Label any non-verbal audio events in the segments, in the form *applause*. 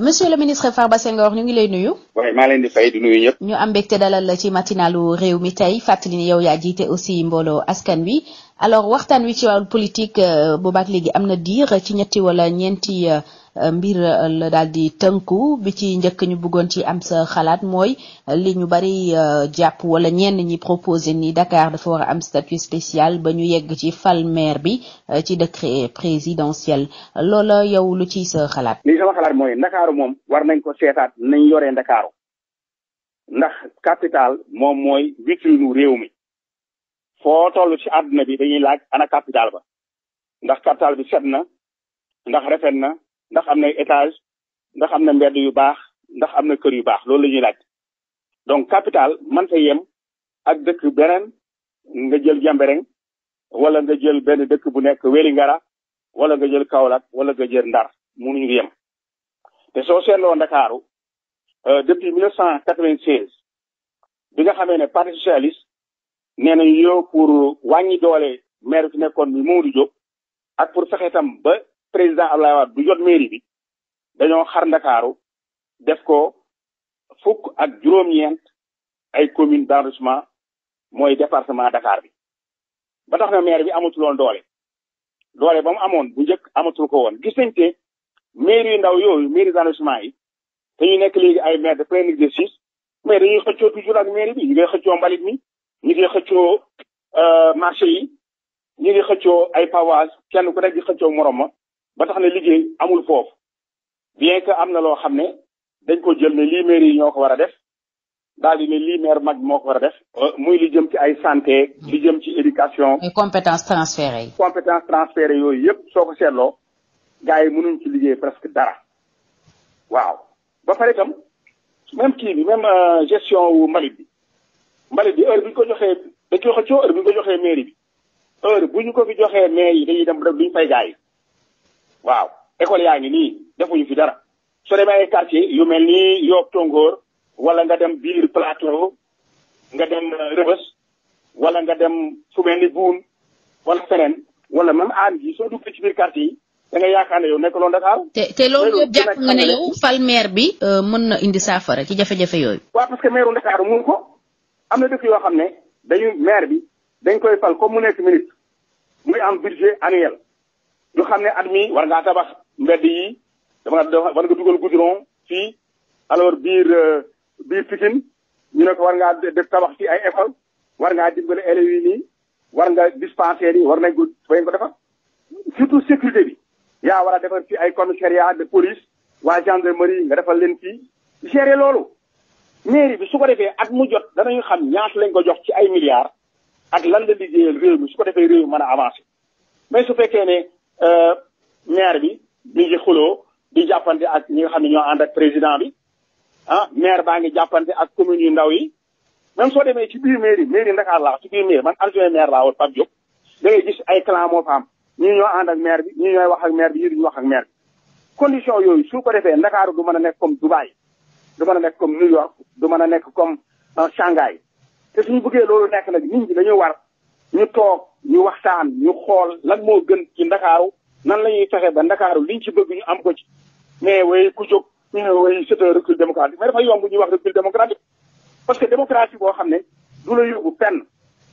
monsieur le ministre Farba Senghor ñu ngi lay nuyu. waaye maa leen di ñu am mbégte dalal la ci matinalu réew mi tey fàttali ni yow yaa jiite aussi mbooloo askan wi alors waxtaan wi ci wàllu politique euh, boobaak léegi am na diir ci ñetti wala ñeenti. Euh, Euh, mbir euh, la daal di tënku bi ci njëkk ñu buggoon ci am sa xalaat mooy euh, li ñu bari jàpp wala ñenn ñi proposé ni Dakar dafa war am statut spécial ba ñu yegg ci fal bi ci décret présidentiel loola yow lu ci sa xalaat. li sama xalaat mooy ndakaaru moom war nañ ko seetaat nañ yoree ndakaaru ndax capital moom mooy vitrine réew mi foo toll ci àdduna bi dañuy laaj ana capital ba ndax capital bi set na ndax rafet na. ndax am na étage ndax am na mbedd yu baax ndax am na kër yu baax loolu la ñuy laaj donc capital man sa yem ak dëkk beneen nga jël Jambereng wala nga jël benn dëkk bu nekk Wélingara wala nga jël Kaolack wala nga jël Ndar mënuñu yem te soo seetloo Ndakaaru euh, depuis 1996 bi nga xamee ne parti socialiste nee nañu yow pour wàññi doole maire fi nekkoon bi Mamadou Diop ak pour fexe tam ba président Abdoulaye Wade bu jot mairie bi dañoo xar ndakaaru def ko fukk ak juróom-ñeent ay commune d'arrondissement mooy département Dakar bi ba tax na maire bi amatuloon doole doole ba mu amoon bu njëkk amatul ko woon gis nañ te maire yu ndaw yooyu maire d'arrondissement yi te ñu nekk léegi ay maire de plein exercice mais dañuy xëccoo toujours ak mairie bi ñu ngi xëccoo mbalit mi ñu ngi xëccoo euh, marché yi ñu ngi xëccoo ay pavage kenn ko nekk di xëccoo morom ma ba tax na liggéey amul foofu bien que am na loo xam ne dañ ko jël ne lii maire yi ñoo ko war a def daal di ne lii maire mag moo ko war a def. Euh, muy li jëm ci ay santé. li jëm ci éducation. et compétences yi. compétences transférées yooyu yëpp soo ko seetloo gaa yi mënuñ ci liggéey presque dara waaw ba pare tam même kii bi même euh, gestion wu mbalit bi mbalit bi heure bi ko joxee dañ koy xëccoo heure bi ñu ko joxee mairie bi heure bu ko fi joxee maire dañuy dem duñ fay gars yi. waaw école yaa ngi nii defuñu fi dara soo demee ay quartier yu mel ni Yoop Tongoor wala nga dem biir plateau nga dem euh, Rëbës wala nga dem fu mel ni Buun wala feneen wala même aan gi soo duggee ci biir quartier yi da nga yaakaar ne yow nekkuloo Dakar. te te loolu yëpp jàpp nga ne yow fal maire bi. Euh, mën na indi saafara ci jafe-jafe yooyu. waaw parce que maire bu mun ko am na dëkk yoo xam ne dañu maire bi dañ koy fal comme mu nekk ministre muy am budget annuel. ñu xam ne at mi war ngaa tabax mbedd yi dafa war nga dugal goudron fii alors biir euh, biir Pikine ñu ne ko war ngaa def tabax ci ay école war ngaa dimbale élèves nii war nga dispensaire yi war nañ ko bañ ko defar surtout sécurité bi yaa war a defar fi ay commissariat de police waa gendarmerie nga defal leen fii gérer loolu mairie bi su ko defee at mu jot danañu xam ñaata lañ ko jox ci ay milliards ak lan la liggéeyal réew mi su ko defee réew mi mën a avancé mais su fekkee ne Euh, maire bi mi ngi xuloo di jàppante ak ñi nga xam ne ñoo ànd ak président bi ah maire baa ngi jàppante ak commune yu ndaw yi même soo demee ci biir mairie mairie Ndakaar laa ci biir mairie man adjoint maire laa woon Pape Diop da ngay gis am ñii ñoo ànd ak maire bi ñii wax ak maire bi ñii duñu wax ak maire bi condition yooyu su ko defee Ndakaaru du mën a nekk comme Dubaï du mën a nekk comme New York du mën a nekk comme euh, Shanghai te suñu bëggee loolu nekk nag nit ñi dañu war ñu toog ñu waxtaan ñu xool lan moo gën ci ndakaaru nan la ñuy fexe ba ndakaaru liñ ci bëgg ñu am ko ci mais way ku jóg way c'est un recul démocratique mais dafa yomb ñuy wax recul démocratique parce que démocratie boo xam ne du la yóbbu fenn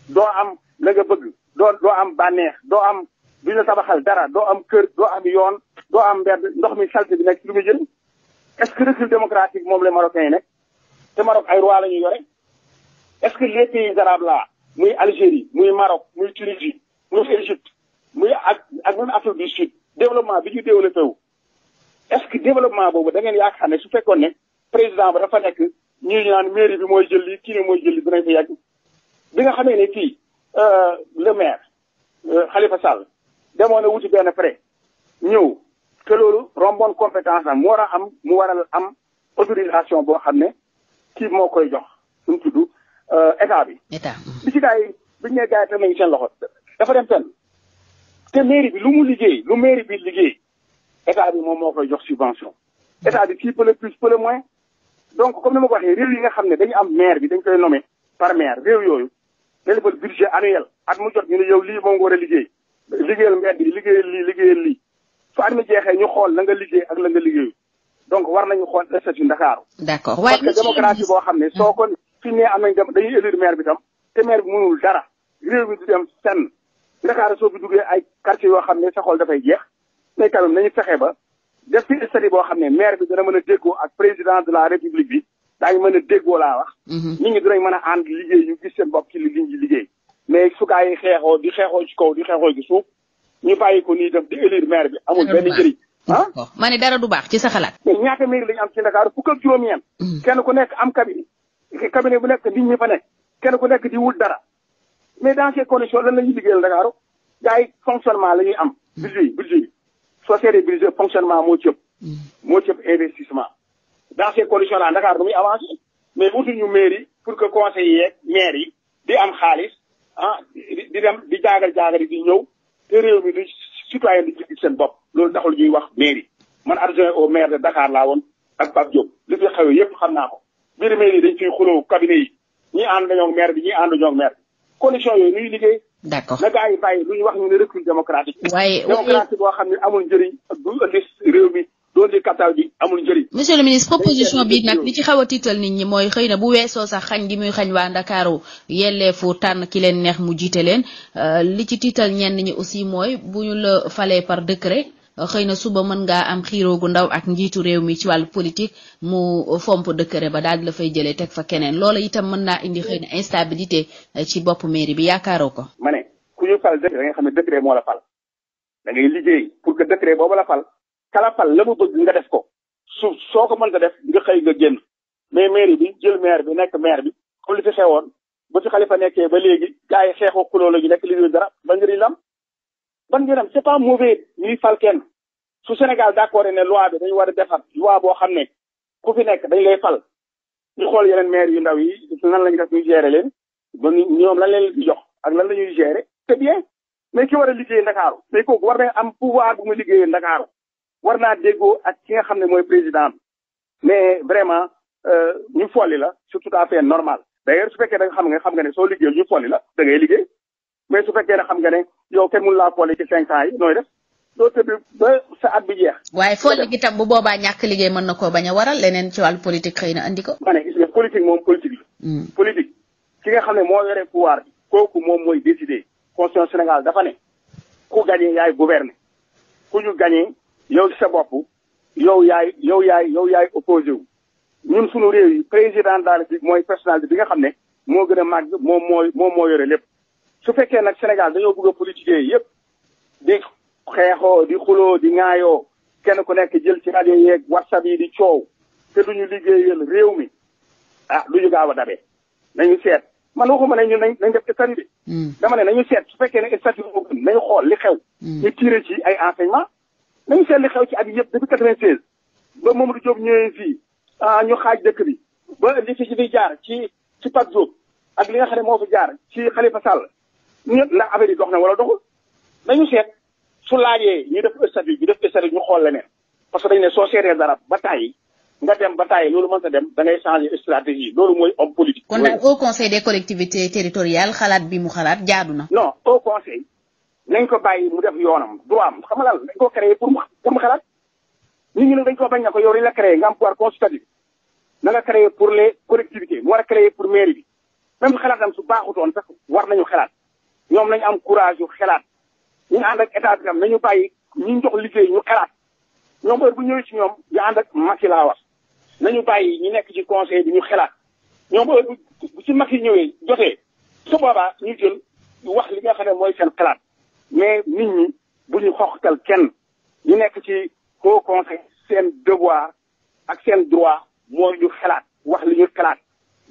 doo am la nga bëgg doo doo am bànneex doo am duñ la tabaxal dara doo am kër doo am yoon doo am mbedd ndox mi salte bi nekk ci lu muy jëriñ est-ce que recul démocratique moom la Marocains yi nekk te Maroc ay roi la ñu yore est-ce que les muy Algérie muy Maroc muy Tunisie muy Égypte muy ak ak même Afrique du Sud développement bi ñu développé wu. est-ce que développement boobu da ngeen yaakaar ne su fekkoon ne président ba dafa nekk ñuy naan mairie bi mooy jël lii kii ne mooy jël lii dinañ fa yàgg bi nga xamee ne fii euh, le maire euh, Khalifa Sall demoon na wuti benn prêt ñëw te loolu romboon compétence am mu war a am mu waral am autorisation boo xam ne kii moo koy jox suñ tudd Euh, état bi. état bi mhm. ci gars yi biñ seen loxo dafa dem fenn te mairie bi lu mu liggéey lu mairie bi liggéey état bi moom moo koy jox subvention mhm. état bi kii peut le plus peut le moins donc comme ni ma ko waxee réew yi nga xam ne dañu am maire bi dañ koy nommé par maire réew yooyu dañu defal budget annuel at mu jot ñu yow lii moom nga war a liggéey liggéeyal mbedd yi liggéeyal lii liggéeyal lii su at mi jeexee ñu xool la nga liggéey ak la nga liggéeyu donc war nañu xool statut Ndakaaru. d'accord waaye parce suñ nee am nañ dem dañuy élire maire bi tam te maire bi mënul dara réew mi du dem fenn Dakar soo fi duggee ay quartier yoo xam ne sa dafay jeex mais quand même nañu fexe ba def fi statut boo xam ne maire bi dana mën a déggoo ak président de la république bi daañu mën a déggoo laa wax. Mhm. nit ñi dinañ mën a ànd liggéey ñu gis seen bopp ci li liñ liggéey. mais su xeexoo di xeexoo ci kaw di xeexoo gi suuf ñu bàyyi ko nii dam di élire maire bi amul benn njëriñ. ah ma ne dara du baax ci sa xalaat. mais ñaata maire cabinet bu nekk nit ñi fa nekk kenn ku nekk di wut dara mais dans ces conditions lan la ñuy liggéeyal Ndakaaru gars yi fonctionnement la ñuy am budget yi budget fonctionnement moo ci mm. moo ci ëpp investissement dans ces conditions là Ndakaar du muy avancé mais wutuñu mairie pour que conseillers yeeg maires yi di am xaalis ah di dem di jaagal jaagal yi di ñëw te réew mi du citoyen di ci seen bopp loolu daxul ñuy wax mairie man adjoint au maire de dakaar laa woon ak Pape Diop xam naa ko biir mairie dañ fiy xuloo cabinet yi ñii ànd dañoo maire bi ñii ànd dañoo maire bi condition yooyu ñuy liggéey d' accord yi bàyyi lu wax ñu ne recul démocratique waaye démocratique xam ne amul njëriñ ak du réew mi doon di kattan bi amul njëriñ monsieur le ministre proposition bi nag li ci xaw a tiital nit ñi mooy xëy na bu weesoo sax xañ gi muy xañ waa Ndakaaru yelleefu tànn ki leen neex mu jiite leen euh, li ci tiital ñenn ñi aussi mooy bu ñu la falee par décret xëy na suba mën nga am xiiroo gu ndaw ak njiitu réew mi ci wàllu politique mu fomp dëkkëre ba daal di la fay jëlee teg fa keneen loola itam mën naa indi xëy na instabilité eh, ci bopp mairie bi yaakaaroo ko. ma ne ku ñu fal dëkk da nga xam ne décret moo la fal da ngay liggéey pour que décret boobu la fal kala fal la mu bëgg nga def ko su soo ko mën mënta def nga xëy nga génn mais mairie bi jël maire bi nekk maire bi comme li fi xewoon ba fi xalifa nekkee ba léegi gars xeexoo xuloo la ñu nekk dara ba am ban yaram c'est pas mauvais ñuy fal kenn su Sénégal d'accord ne loi bi dañu war a defar loi boo xam ne ku fi nekk dañ lay fal ñu xool yeneen maire yu ndaw yi nan lañu def ñu gérer leen ba ñoom lan leen di jox ak lan la ñuy geere c'est bien mais ki war a liggéey Ndakaaru mais war na am pouvoir bu mu liggéeyee Ndakaaru war naa déggoo ak ki nga xam ne mooy président bi mais vraiment euh, ñu folli la c'est tout à fait normal d'ailleurs su fekkee da nga xam nga xam nga ne soo liggéeyul ñu la da liggéey mais su fekkee ne xam nga ne yow kenn mun laa foole ci cinq ans yi nooy def doo tëdd ba sa at bi jeex. waaye foole gi tam bu boobaa ñàkk liggéey mën na koo bañ a waral leneen ci wàllu politique xëy na andi ko. ma ne gis politique moom politique la. Hmm. politique ki nga xam ne moo yore pouvoir bi kooku moom mooy décider constitution Sénégal dafa ne ku gagné yaay gouverner ku ñu gagné yow ci sa bopp yow yaay yow yaay yow yaay opposé wu. ñun suñu réew yi président de mooy personnalité bi nga xam ne moo gën a màgg moom mooy moom moo yore lépp. su fekkee nag Sénégal dañoo bëgg a politiquer yëpp di xeexoo di xuloo di ŋaayoo kenn ku nekk jël ci rajo yeeg whatsapp yi di coow te duñu liggéeyal réew mi ah duñu gaaw a dabee nañu seet man waxuma ne ñun nañ nañ def statut bi hmm. dama ne nañu seet su fekkee ne statut moo gën nañu xool li xew hmm. ñu tiré ci ay enseignement nañu seet li xew ci ak yëpp depuis quatre-vingt-seize ba Mamadou Diop ñëwee fii ah ñu xaaj dëkk bi ba li fi di jaar ci ci Pape Diop ak li nga xam ne jaar ci Khalifa ndax affaire yi dox na wala doxul nañu seet su laajee ñu def statut ñu def statut ñu xool leneen parce que dañu ne soo seetee dara ba tàyyi nga dem ba tàyyi loolu mënta dem da ngay changer stratégie loolu mooy homme politique. kon daal au conseil des collectivités territoriales xalaat bi mu xalaat jaadu na. non au conseil nañ ko bàyyi mu def yoonam droit am xam nga lan dañ ko créé pour mu pour mu xalaat nit ñi nag dañ koo bañ na ko yow li la créé nga am pouvoir consultatif na nga créé pour les collectivités a créé baaxutoon sax war nañu xalaat. ñoom lañu am courage yu xelaat ñu ànd ak état bi tam nañu bàyyi ñu jox liggéey ñu xelaat ñoom heure bu ñëwee ci ñoom ñu ànd ak Macky laa wax nañu bàyyi ñu nekk ci conseil bi ñu xelaat ñoom heure bu ci Macky ñëwee jotee su boobaa ñu jël wax li nga xam ne mooy seen xelaat mais nit ñi bu ñu xoxtal kenn ñu nekk ci haut conseil seen devoir ak seen droit mooy ñu xelaat wax liñu ñu xelaat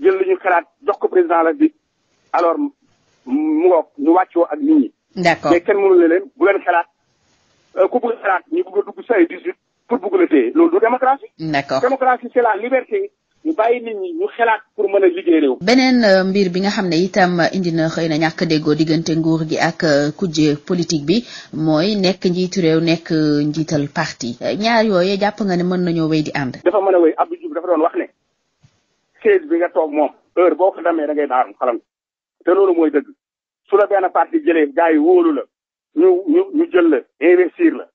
jël li ñu xelaat jox ko président la bi alors mu ngoog ñu wàccoo ak nit ñi. d'accord mais kenn mënu xalaat euh, ku bëgg ñu bëgg dugg say 18 pour bëgg la téye loolu du démocratie. d'accord démocratie c'est liberté. ñu bàyyi nit ñi ñu xalaat pour mën liggéey réew. beneen euh, mbir bi nga xam ne itam indi na xëy na ñàkk déggoo diggante nguur gi ak euh, kujje politique bi mooy nekk njiitu réew nekk njiital parti. ñaar yooyu jàpp nga ne mën nañoo wéy di ànd. dafa mën a wéy Abdou dafa doon wax ne. siège bi nga toog moom heure boo te loolu mooy dëgg su la benn parti jëlee gaa yi wóolu la ñu ñu ñu jël la investir la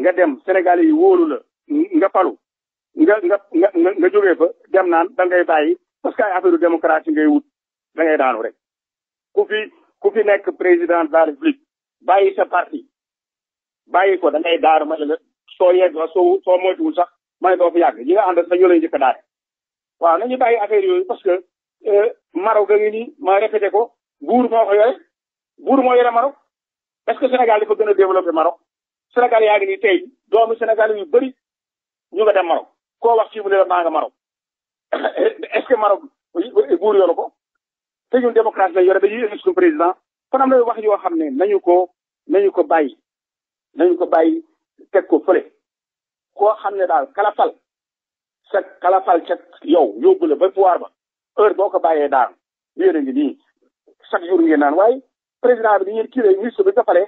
nga dem sénégal yi wóolu la nga palu nga nga nga nga jógee fa dem naan da ngay bàyyi parce que ay affaire démocratie ngay wut da ngay daanu rek ku fi ku fi nekk président de la république bàyyi sa parti bàyyi ko da ngay daaru ma ne la soo yegg soo soo moytuwul sax ma ne doo fi yàgg ñi nga ànd sax ñoo lay njëkk daare waaw nañu bàyyi affaire yooyu parce que Euh, Maroc ga ngi nii ma répété ko buur moo ko yore buur moo yore Maroc est-ce que Sénégal dafa gën a développé Maroc Sénégal yaa ngi nii tey doomu Sénégal yu bëri ñu nga dem Maroc koo wax ci mu ne la maa nga Maroc *coughs* est-ce que Maroc buur yore ko te ñun démocratie la yore dañuy suñu président kon am na wax yoo xam ne nañu ko nañu ko bàyyi nañu ko bàyyi teg ko fële koo xam ne daal kalafal sa kalafal ca yow yóbbu la ba pouvoir ba heure boo ko bàyyee daanu yéen a ngi nii chaque jour ngeen naan waaye président bi dañuy kii rek ministre bi nga falee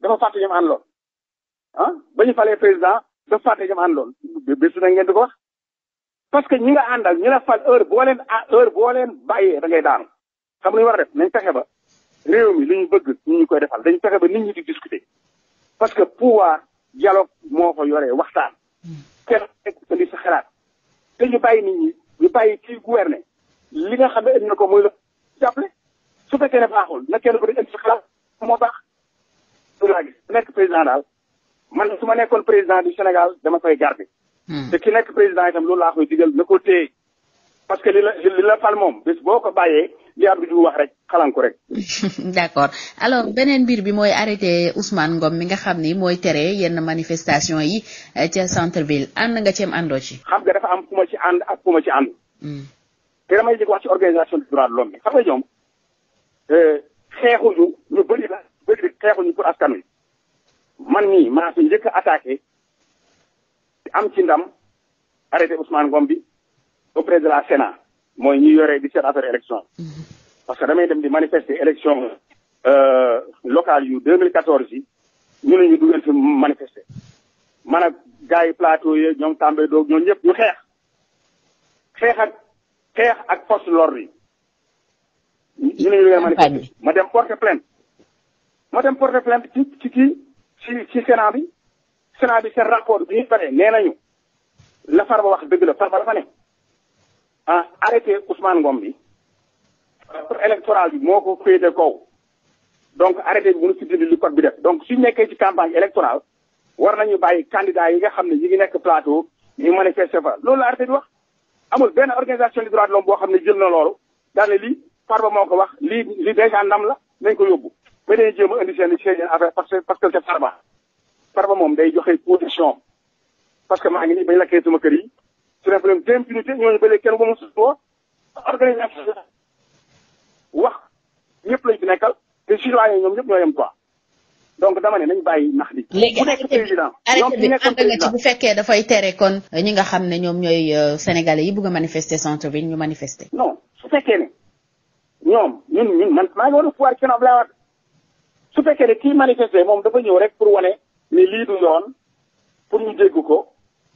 dafa fàtte ñoom àndoon ah ba ñu falee président dafa fàtte ñoom àndoon bés na ngeen di wax. parce que ñi nga àndal ñi la fal heure boo leen ah, heure boo leen bàyyee da ngay daanu xam lu ñu war a def nañ fexe ba réew mi li ñu bëgg ñu ñu koy defal dañu pexe ba nit ñi di discuter parce que pouvoir dialogue moo ko yoree waxtaan. Hmm. kenn ku sa li nga xam ne indi na ko muy la jàppale su fekkee ne baaxul na kenn ko ne indi sa xalaat moo baax. loolu président daal man su ma nekkoon président du Sénégal dama koy garder. Hmm. te ki nekk président itam loolu laa koy digal na ko téye. parce la li moom bés boo ko bàyyee li di Diouf wax rek xalan ko rek. *laughs* d' accord beneen mbir bi mooy arrêté Ousmane Ngom mi nga xam ni mooy tere yenn manifestation yi eh, ca centre ville ànd nga ceem àndoo ci. xam nga dafa am ku ma ci ànd ak ku ma ci ànd. Hmm. te damay dégg wax ci organisation des droits de l'homme xam nga ñoom euh, xeexuñu ñu bëri la bëri xeexuñu pour askan wi man nii maa fi njëkk a am ci ndam arrêté Ousmane Ngom bi auprès de la Sénat mooy ñu yore di seet affaire élection parce que damay dem di manifester élection euh, locale yu 2014 yi ñu ne ñu du ngeen fi manifester man gars yi plateau yi ñoom Tambay doog ñoom yëpp ñu xeex xeex xeex ak force de l'ordre yi. ñu ne ñu ngi manifester ma dem porter plainte. ma dem ci ci kii ci ci bi Sénat bi seen rapport bi ñu paree nee nañu la Farba wax dëgg la Farba dafa ne ah arrêté Ngom bi. pour électoral bi moo ko féete kaw. donc arrêté bi mënu si dindi li code bi def donc suñ nekkee ci campagne électorale war nañu bàyyi candidat yi nga xam ne ñu ngi nekk plateau ñu manifester fa loolu la arrêté bi wax. amul benn organisation des droits de boo xam ne jël na loolu daal ne lii Farba moo ko wax lii lii déjà ndam la nañ ko yóbbu ba dañuy jéem a indi seen i seen affaire parce que parce que c'est Farba Farba moom day joxe position parce que maa ngi nii bañ lakkee sama kër yi c'est un problème d'impunité ñooñu ba léegi kenn moom suñu organisation wax ñëpp lañ fi nekkal te citoyen ñoom ñëpp ñoo yem quoi donc dama ne nañ bàyyi nax bi. léegi arrêté bi ànd nga ci bu fekkee dafay tere kon. ñi nga xam ne ñoom ñooy euh, sénégalais yi bugg a manifester centre bi ñu manifester. non su fekkee ne ñoom ñun ñun man maa ngi woon su fekkee ne kii manifester moom dafa ñëw rek pour wane ne lii pour ñu dégg ko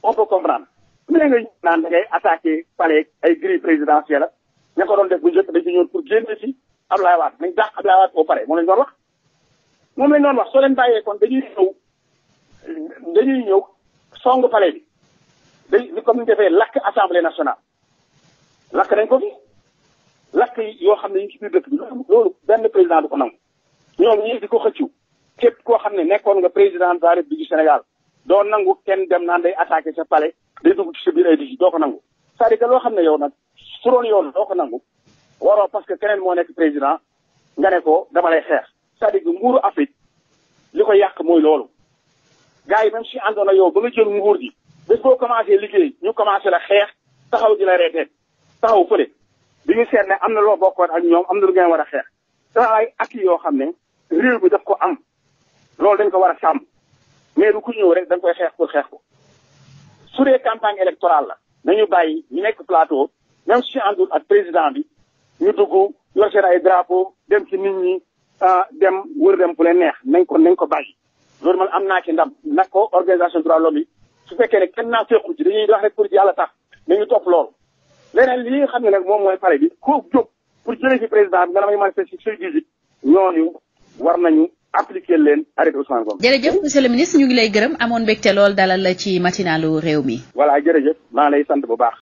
on peut comprendre. su dee nga naan da ngay attaqué palais ay grille présidentielle ña ko doon def bu njëkk dañu ñëw pour génn ci Abdoulaye Wade nañ dàq Abdoulaye pare moom lañ doon wax. moom lañ doon wax soo leen bàyyee kon dañuy ñëw dañuy ñëw songu palais bi dañ comme ñu defee lakk assemblée nationale lakk nañ ko fi lakk yoo xam ne ñu ci biir dëkk benn président ko nangu ñoom di ko xëccu képp koo xam ne nekkoon nga président de la République Sénégal doo nangu kenn dem naan day attaqué sa palais day dugg ci sa biir ay di doo ko nangu cest à loo xam ne yow nag su doon yoon doo ko nangu waroo parce que keneen moo nekk président nga ne ko dama lay xeex c'est-à-dire que nguuru Afrique li ko yàq mooy loolu gars yi même si àndoon na yow ba nga jël nguur gi bés boo commencé liggéey ñu commencé la xeex taxaw di la reeteet taxaw fële bi ñu seet ne am na loo bokkoon ak ñoom am na lu ngeen war a xeex dafa ay yoo xam ne réew bi daf ko am loolu dañ ko war a sàmm mais du ku ñëw rek dañ koy xeex pour xeex ko su dee campagne électorale la nañu bàyyi ñu nekk plateau même si àndul ak président bi ñu dugg yor seen ay drapeau dem ci nit ñi dem wër dem fu leen neex nañ ko nañ ko bàyyi loolu man am naa ci ndam nag ko organisation droit l'homme yi su fekkee ne kenn naa féqu ci dañuy wax rek pour yàlla sax nañu topp loolu leneen li nga xam ne nag moom mooy pare bi koo jóg pour jëlee fi président bi nga damay manifester sur 18 ñooñu war nañu appliquer leen arrêté Ousmane Gom jërëjëf monsieur le ministre ñu ngi lay gërëm amoon mbégte lool dalal la ci matinalu réew mi voilà jërëjëf maa lay sant bu baax